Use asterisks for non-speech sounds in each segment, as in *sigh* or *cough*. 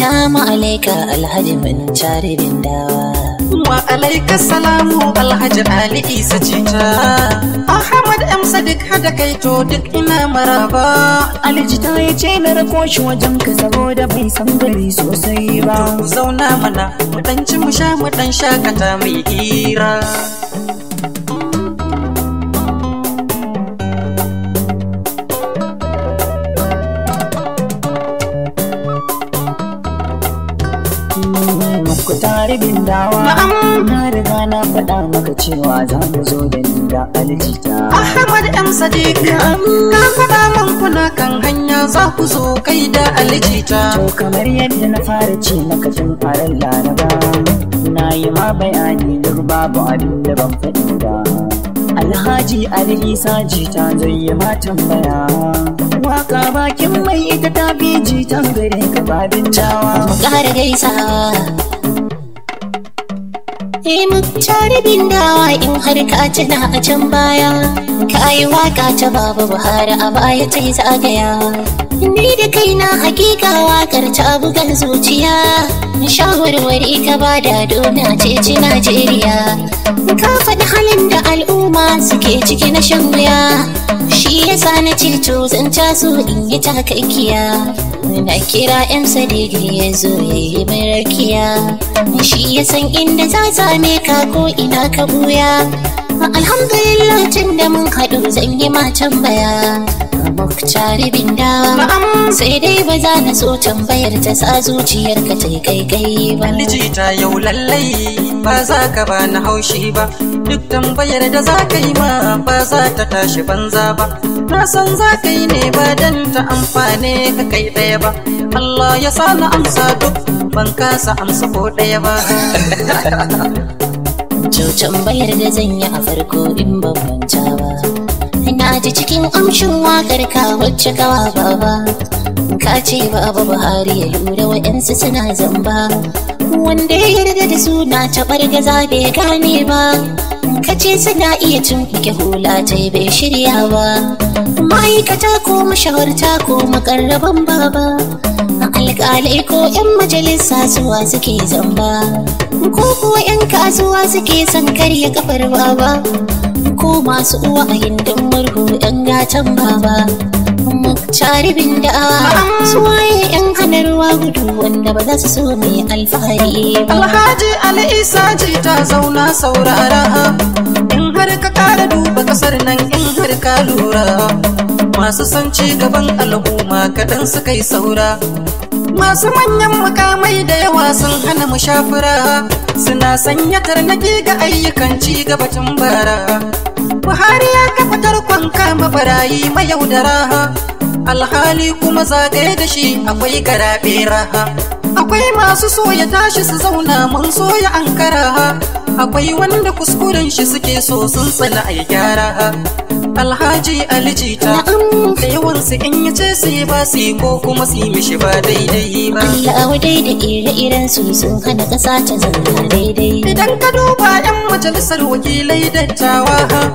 Salamu alaika alhaji mun jaribin bindawa. Wa alaika salamu alhaji Ali Isa cita. Ahmad M Sadiq hada kai to duk ina maraba. Alhaji ta ya ce na rako shi wajen ka da bai san gari sosai ba. zauna mana mu dan ci mu sha mu dan shakata mai hira. tare bindawa na riga na faɗa maka cewa za mu zo da ni da aljita ahmad m sadiq ka faɗa man kuna kan hanya za ku zo kai da aljita to kamar yadda na fara ce maka tun farar laraba na yi ma bayani duk babu abin da ban faɗi ba Alhaji Ali Isa jita zai yi ma tambaya. Waka bakin mai ita ta fi jitan gare ka babin jawa. Mu gaisa. E eh, tare bindawa in har ka tana a can baya Ka yi waka ta baba Buhari a baya ta yi zagaya Ni da kaina hakika wakar ta bugan zuciya Shawarwari ka bada dona ceci Najeriya Ka faɗi halin da al'umma suke ciki na shan wuya Shi yasa na ce to zan taso in yi takakkiya na kira yan sadiki ya zo ya yi mai shi ya san inda za zame ka ko ina ka buya alhamdulillah tun da mun haɗu zan yi ma tambaya Muktari bin dawa sai dai ba za na so tambayar ta sa zuciyar ka ta kai kai ba Liji ta yau lallai ba za ka ba na haushi ba duk tambayar da za ka yi ma ba za ta tashi banza ba na san za ka yi ne ba dan ta amfane ka kai daya ba Allah ya sa na amsa duk ban kasa amsa ko daya ba Cutan *laughs* bayar da zan yi a farko in ba na ji cikin amshin wakar ka wacce kawa baba ka ce baba buhari ya lura wa'yansu suna zamba wanda ya yarda da su na taɓar gaza bai gane ba ka ce suna iya tumɓuke hula ta bai shirya ba ma'aikata ko mashawarta ko makarraban baba alƙalai ko 'yan majalisa zuwa suke zamba ko kuwa 'yan kasuwa suke son karya kafar baba ko masu uwa a hindun murhu 'yan gatan baba caribin da'awa suwaye 'yan hanarwa gudu wanda ba za su so mai alfahari alhaji al'isa ji ta zauna saurara in har ka kara duba kasar nan in har ka lura masu son ci gaban al'umma kaɗan sukayi kai saura masu manyan mukamai da yawa sun hana mu shafura suna sanya tarnaki ga ayyukan ci tun bara buhari ya kafa tarkon kama barayi mayaudara alhali kuma zagaye da shi akwai garaɓe raha akwai masu soya, tashi su zauna mun soya ankara akwai wanda kuskuren shi suke so sun tsala a gyara alhaji alijita da yawansu in ya ce su yi basi ko kuma su yi mishi ba daidai ba Allah wadai da ire-iren su sun hana ƙasa ta zama daidai idan ka duba 'yan majalisar wakilai dattawa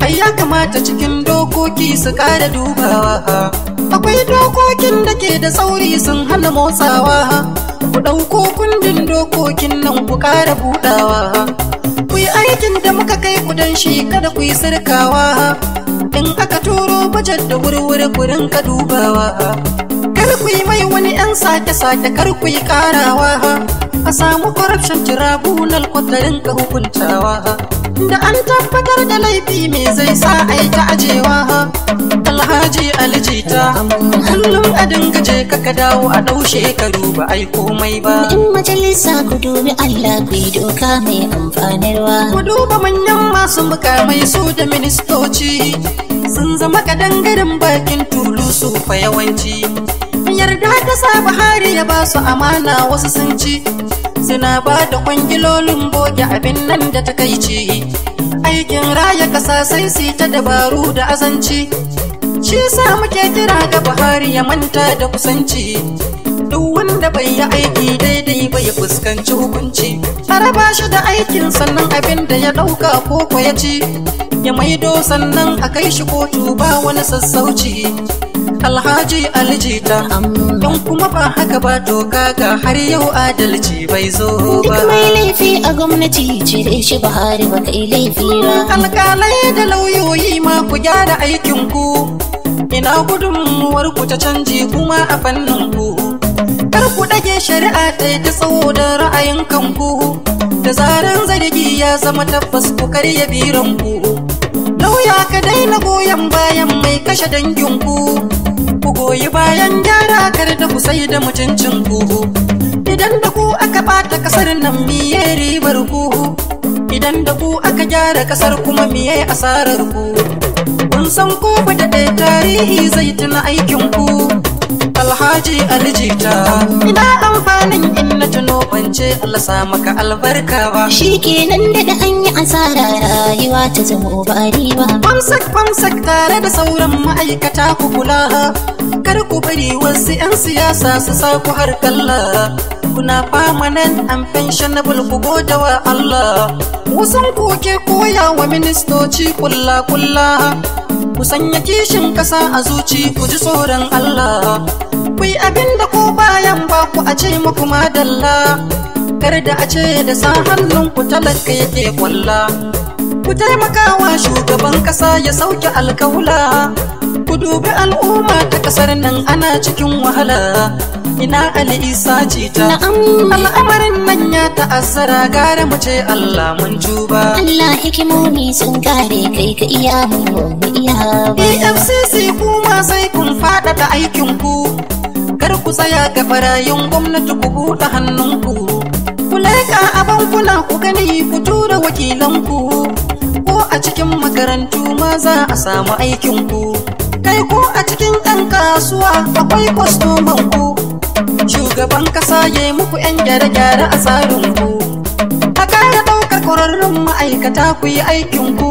ai ya kamata cikin dokoki su kara dubawa akwai dokokin da ke da sauri sun hana motsawa ku ɗauko kundin dokokin nan ku ƙara buɗawa ku yi aikin da muka kai ku don shi kada ku yi sirkawa in aka turo bajet da wurwuri ku rinka dubawa kar ku yi mai wani yan sake-sake kar ku yi ƙarawa a samu corruption jirabunal ku ta rinka hukuntawa da an tabbatar da laifi me zai sa a yi ta ajewa alhaji aljita kullum a dinga je ka dawo a ɗau shekaru ba ai komai ba in majalisa ku dubi allah ku yi doka mai amfanarwa ku duba manyan masu mukamai su da ministoci sun zama ƙadangaren bakin tulu su fa yawanci yarda ta sa buhari ya ba su amana wasu sun ci suna ba da kwangilolin boge abin nan da takaici aikin raya kasa sai su ta dabaru da azanci shi sa muke kira ga buhari ya manta da kusanci duk wanda bai yi aiki daidai bai fuskanci hukunci a raba shi da aikin sannan abin da ya ɗauka ko ya ci ya maido sannan a kai shi kotu ba wani sassauci alhaji aljita don kuma ba haka ba toka ga har yau adalci bai zo ba duk mai laifi a gwamnati cire shi buhari ba kai laifi ba alkalai da lauyoyi ma ku gyara aikin ku ina gudunmuwar ku ta canji kuma a fannin ku kar ku dage shari'a ta ta tsawo da ra'ayin kanku da zaran zargi ya zama tabbas ku karya biran ku lauya ka daina goyon bayan mai kashe danginku ku goyi bayan gyara kar da ku sai da mutuncin ku idan da ku aka bata kasar nan miye ribar ku idan da ku aka gyara kasar kuma miye asarar ku kun san ku da ɗaya tarihi zai tuna aikin ku alhaji aljita ina amfanin in na tuno bance Allah sa maka albarka ba kenan da da an yi rayuwa ta zama ba riba famsak bamsak tare da sauran ma'aikata ku kula kar ku bari wasu 'yan siyasa su sa ku har kalla kuna permanent and na ku gode wa Allah ku koke koya wa ministoci kulla kulla ku sanya kishin kasa a zuci ku ji tsoron Allah ku yi abin da ku bayan ba ku a ce muku madalla kar da a ce da sa hannun ku talaka yake kwalla ku taimaka wa shugaban kasa ya sauke alkawula ku dubi al'umma ta kasar nan ana cikin wahala ina ali isa ce ta al'amarin nan ya ta'azzara gara mu ce allah mun juba allah hikimomi sun kare kai ka iya mu iya ba efcc kuma sai kun faɗaɗa aikin ku kar ku tsaya ga barayin gwamnati ku buɗe hannun ku leka a bankuna ku gani ku tura wakilanku ko a cikin makarantu ma za a samu aikin ku kai ko a cikin ɗan kasuwa akwai kwastoman ku shugaban kasa ya yi muku 'yan gyare-gyare a tsarin ku a kara ɗaukar kwararrun ma'aikata ku yi aikin ku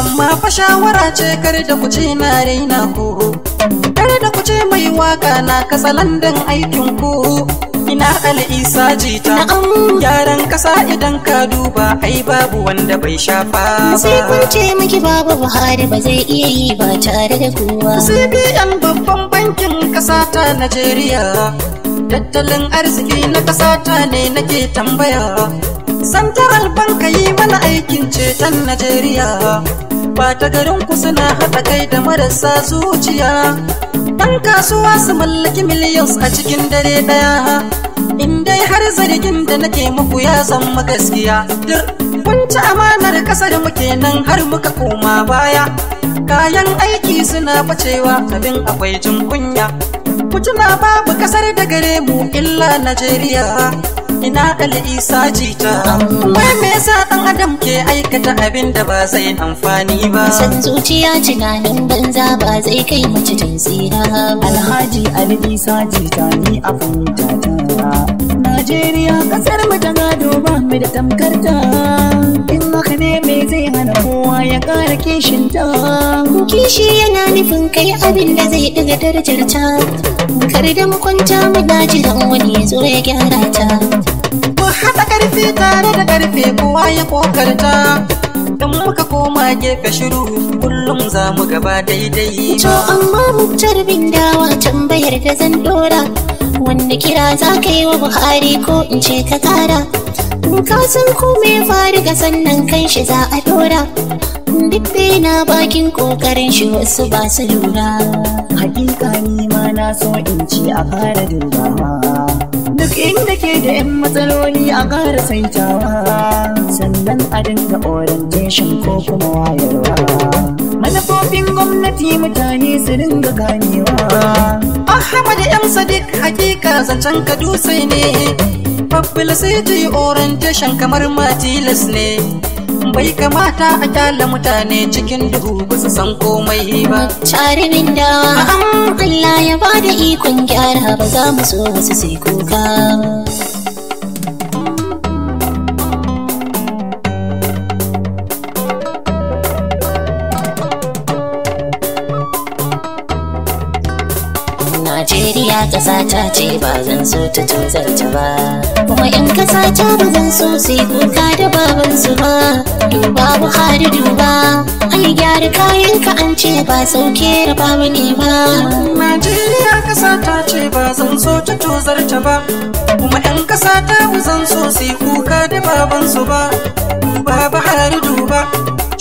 amma fa shawara ce kar da ku ce na raina ku kar da ku ce mai waka na katsalandan aikin ku na al'isa jita gyaran kasa idan ka duba ai babu wanda bai shafa ba sai kun ce miki babu buhari ba zai iya yi ba tare da kowa cbn babban bankin kasa ta najeriya tattalin arziki na kasa ta ne nake tambaya santaral banka yi mana aikin ceton najeriya bata garinku suna haɗa kai da marasa zuciya ɗan kasuwa su mallaki millions a cikin dare ɗaya in dai har zargin da nake muku ya zama gaskiya dir kun ci amanar ƙasar muke nan har muka koma baya kayan aiki suna bacewa abin akwai jin kunya ku tuna babu ƙasar da gare mu illa najeriya ina isa jita wai me yasa dan adam ke aikata abin da ba zai amfani ba san zuciya tunanin banza ba zai kai mace tsira alhaji ali isa jita ni a fahimta ta Najeriya kasar mu ta gado ba mu da tamkarta haka ne me zai hana kowa ya ƙara kishin ta kishi yana nufin kai abin da zai daga darajar ta kar da mu kwanta mu daji da wani ya zo ya gyara ta mu haɗa ƙarfi tare da ƙarfe kowa ya kokarta Dan muka koma gefe shiru kullum za mu gaba daidai to amma muktar bin dawa tambayar da zan dora wanda kira za ka yi wa buhari ko in ce ka kara kasan san ko fari ga sannan kan shi za a dora duk na bakin kokarin shi wasu ba su lura hakika ni ma na so in ci a fara dubawa duk inda ke da yan matsaloli a ƙara saitawa sannan a dinga orientation ko kuma wayarwa manufofin gwamnati mutane su dinga ganewa ahmad yan sadiq hakika zancen kadu sai ne yi oran tashan kamar matilas ne. Bai kamata a kyala mutane cikin duhu ba su san komai ba. Tare da Allah ya bada ikon gyara ba za mu so wasu sai kuka. kasa ta ce ba zan so ta tozarta ba kuma yan kasa ta ba zan so su yi kuka da su ba duba buhari duba yi gyara kayan ka an ce ba sauke da mini ba najeriya kasa ta ce ba zan so ta tozarta ba kuma yan kasa ta ba zan so su yi kuka da su ba duba buhari duba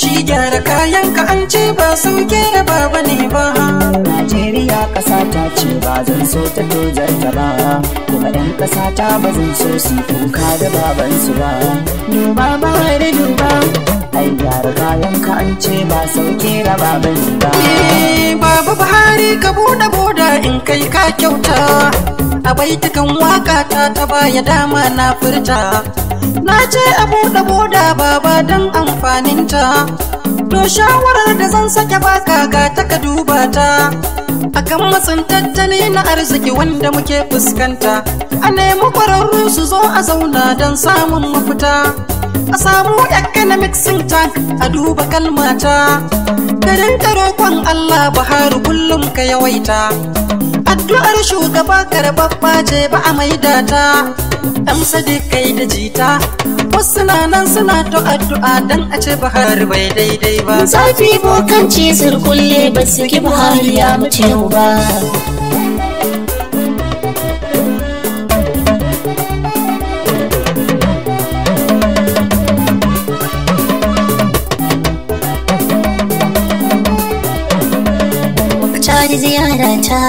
shi gyara kayan ka an ce ba sauke kera baba ne ba Najeriya kasa ta ce ba zan so ta dojar ta ba kuma ɗan kasa ta ba zan so su kuka da babansu ba duba ba da duba ai gyara kayan ka an ce ba sauke ba bane eh, ba Baba Buhari ka buɗe boda in kai ka kyauta a baitukan waka ta ta baya dama na furta na ce a buɗe boda baba don ta to shawarar da zan sake baka ga ta ka duba ta akan matsin tattali na arziki wanda muke fuskanta a nemi kwararru su zo a zauna don samun mafita a samu economic think tank a duba kalmata ka karokon allah buhari kullum ka yawaita addu'ar shugaba karɓaɓɓa ce ba a maida ta amsa da kai da jita wasu na nan suna ta addu'a dan a ce bahar bai daidai ba zafi bokanci sirkulle ba su ki buhari ya mace ba ziyara ta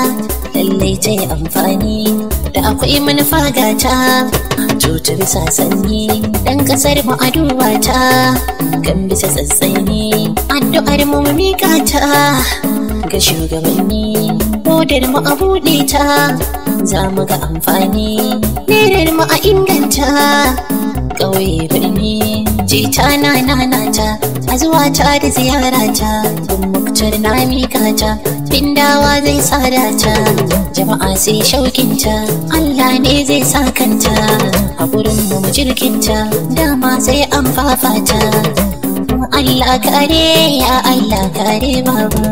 kai ce amfani da akwai manufa gata cutar bisa sanyi dan kasar mu a ta kan bisa tsatsani addu'ar mu mu mika ta ga shugabanni hodar mu a buɗe ta za mu ga amfani nerar mu a inganta ƙauye birni jita na nanata a zuwa ta da ziyarata wacar na mika zai sadata jama'a sai shaukin Allah ne zai sa kanta a gurin mu jirkinta dama sai an fafata Allah kare ya Allah kare babu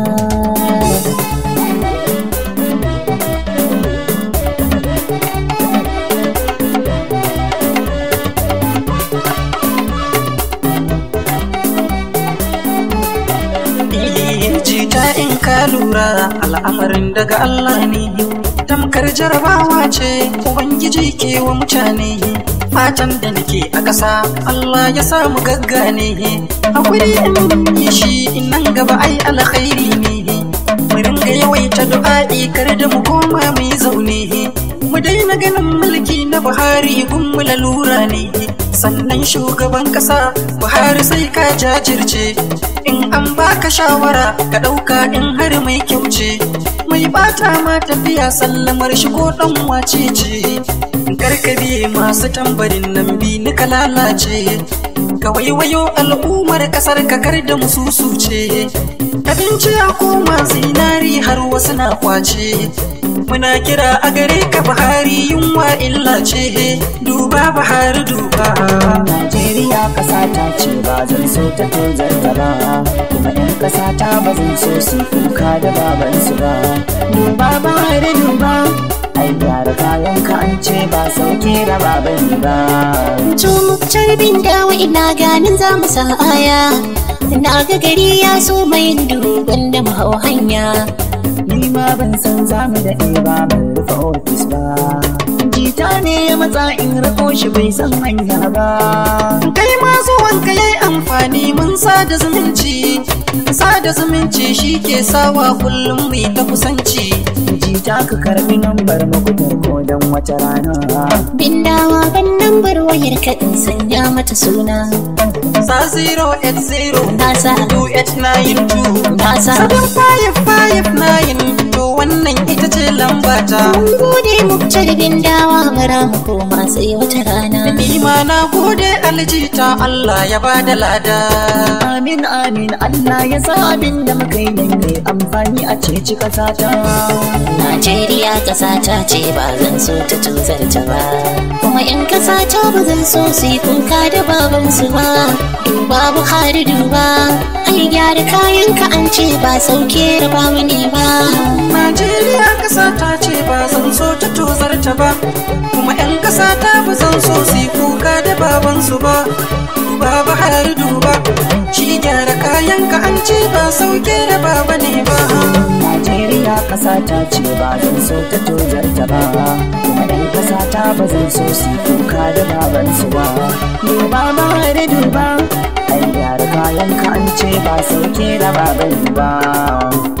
ka lura al'amarin daga Allah ne tamkar jarabawa ce ubangiji ke wa mutane fatan da nake a ƙasa Allah ya samu gaggane akwai in yi shi nan gaba ai alkhairi ne mu ringa yawaita du'a'i kar da mu koma mu yi zaune mu dai maganin mulki na buhari Gumbula lura ne sannan shugaban kasa buhari sai ka jajirce in an baka shawara ka ɗauka in har mai kyauce mai bata ma tafiya sallamar shigo ɗan wace ce karkabe masu tambarin nan bi ni ka lalace ka waiwayo al'ummar kasar kakar da musu ce abinci ya koma zinari har wasu na kwace muna kira a gare ka Buhari yunwa illa ce duba Buhari duba Najeriya kasa ta ce ba zan so ta tozar ba kuma yan kasa ta ba zan so su kuka da babansu ba duba bahari duba ai gyara kayan ka an ce ba sauke baban yi ba Tumuk carbin dawo ina ganin za mu sa aya na ga gari ya so mai duban da hau hanya ni ma ban san za mu daɗe ba ban rufe ofis ba jita ne ya matsa in rako shi bai san hanya ba kai ma zuwan ka yayi amfani mun sada zumunci sada zumunci shi ke sawa kullum mu ta kusanci taka karbi nambar makutar ko wata rana bindawa ban nambar wayar ka in sanya mata suna sa 0x0 na sa 2h92 na sa nine to wannan ita ce lambata mun gode muktar bindawa bara mu koma sai wata rana ni ma na gode aljita Allah ya bada lada amin amin Allah ya sa abin da muka yi ne amfani a cikin kasata. Najeriya ƙasa ta ce ba zan so ta tozarta ba kuma 'yan ƙasa ta ba zan so su yi kuka da babansu ba duba buhari duba an gyara kayan ka an ce ba sauke da mini ba najeriya kasa ta ce ba zan so ta tozarta ba kuma yan kasa ta ba zan so si kuka da babansu ba duba buhari duba shi gyara kayan ka an ce ba sauke da baba ne ba najeriya kasa ta ce ba zan so ta tozarta ba Sata ba zan so su kuka da babansu ba duba ba da duba Ai gyara kayan ka an ce ba sauke da baban ba